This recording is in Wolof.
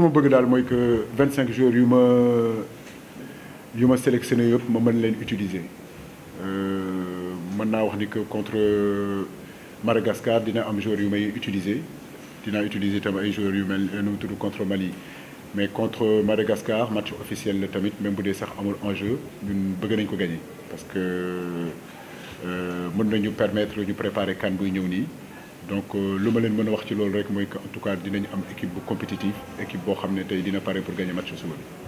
que ma bëgg dire, c'est que 25 joueurs jours yu ma yu ma sélectionné yëpp ma mën leen utiliser euh, mën naa wax que contre euh, Madagascar il y dina am joueurs yu may utiliser dinaa utiliser tam des joueurs que mel euh, nu contre Mali mais contre Madagascar match officiel tamit même bu dee sax amul enjeu ñun bëgg nañ gagner parce que nous nous permettre ñu préparer kan buy ñëw donc euh, lu ma leen mën a wax ci loolu rek mooy que en tout cas dinañ am équipe bu compétitive équipe boo xam ne tey dina pare pour gagner match suba bi.